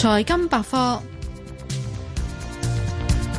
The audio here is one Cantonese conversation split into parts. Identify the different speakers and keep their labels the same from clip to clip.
Speaker 1: 財金百科。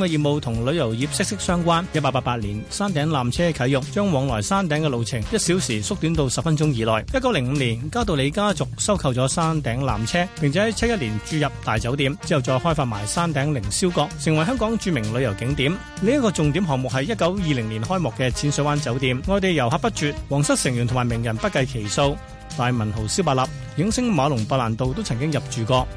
Speaker 1: 嘅業務同旅遊業息息相關。一八八八年，山頂纜車啟用，將往來山頂嘅路程一小時縮短到十分鐘以內。一九零五年，嘉道理家族收購咗山頂纜車，並且喺七一年注入大酒店之後，再開發埋山頂凌霄閣，成為香港著名旅遊景點。呢一個重點項目係一九二零年開幕嘅淺水灣酒店，外地遊客不絕，皇室成員同埋名人不計其數。大文豪蕭伯納、影星馬龍·白蘭度都曾經入住過。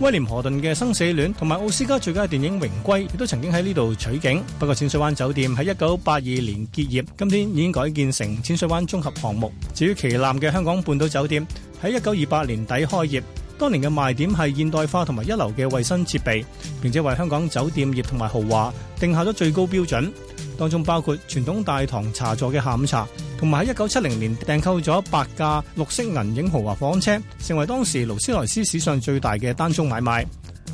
Speaker 1: 威廉·何頓嘅《生死戀》同埋奧斯卡最佳電影《榮歸》亦都曾經喺呢度取景。不過淺水灣酒店喺一九八二年結業，今天已經改建成淺水灣綜合項目。至於旗艦嘅香港半島酒店，喺一九二八年底開業，當年嘅賣點係現代化同埋一流嘅衛生設備，並且為香港酒店業同埋豪華定下咗最高標準。當中包括傳統大堂茶座嘅下午茶。同埋喺一九七零年訂購咗八架綠色銀影豪華房車，成為當時勞斯萊斯史上最大嘅單宗買賣。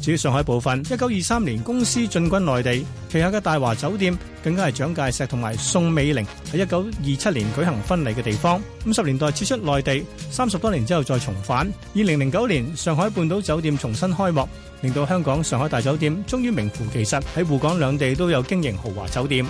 Speaker 1: 至於上海部分，一九二三年公司進軍內地，旗下嘅大華酒店更加係蔣介石同埋宋美齡喺一九二七年舉行婚禮嘅地方。五十年代撤出內地，三十多年之後再重返。二零零九年上海半島酒店重新開幕，令到香港上海大酒店終於名副其實喺滬港兩地都有經營豪華酒店。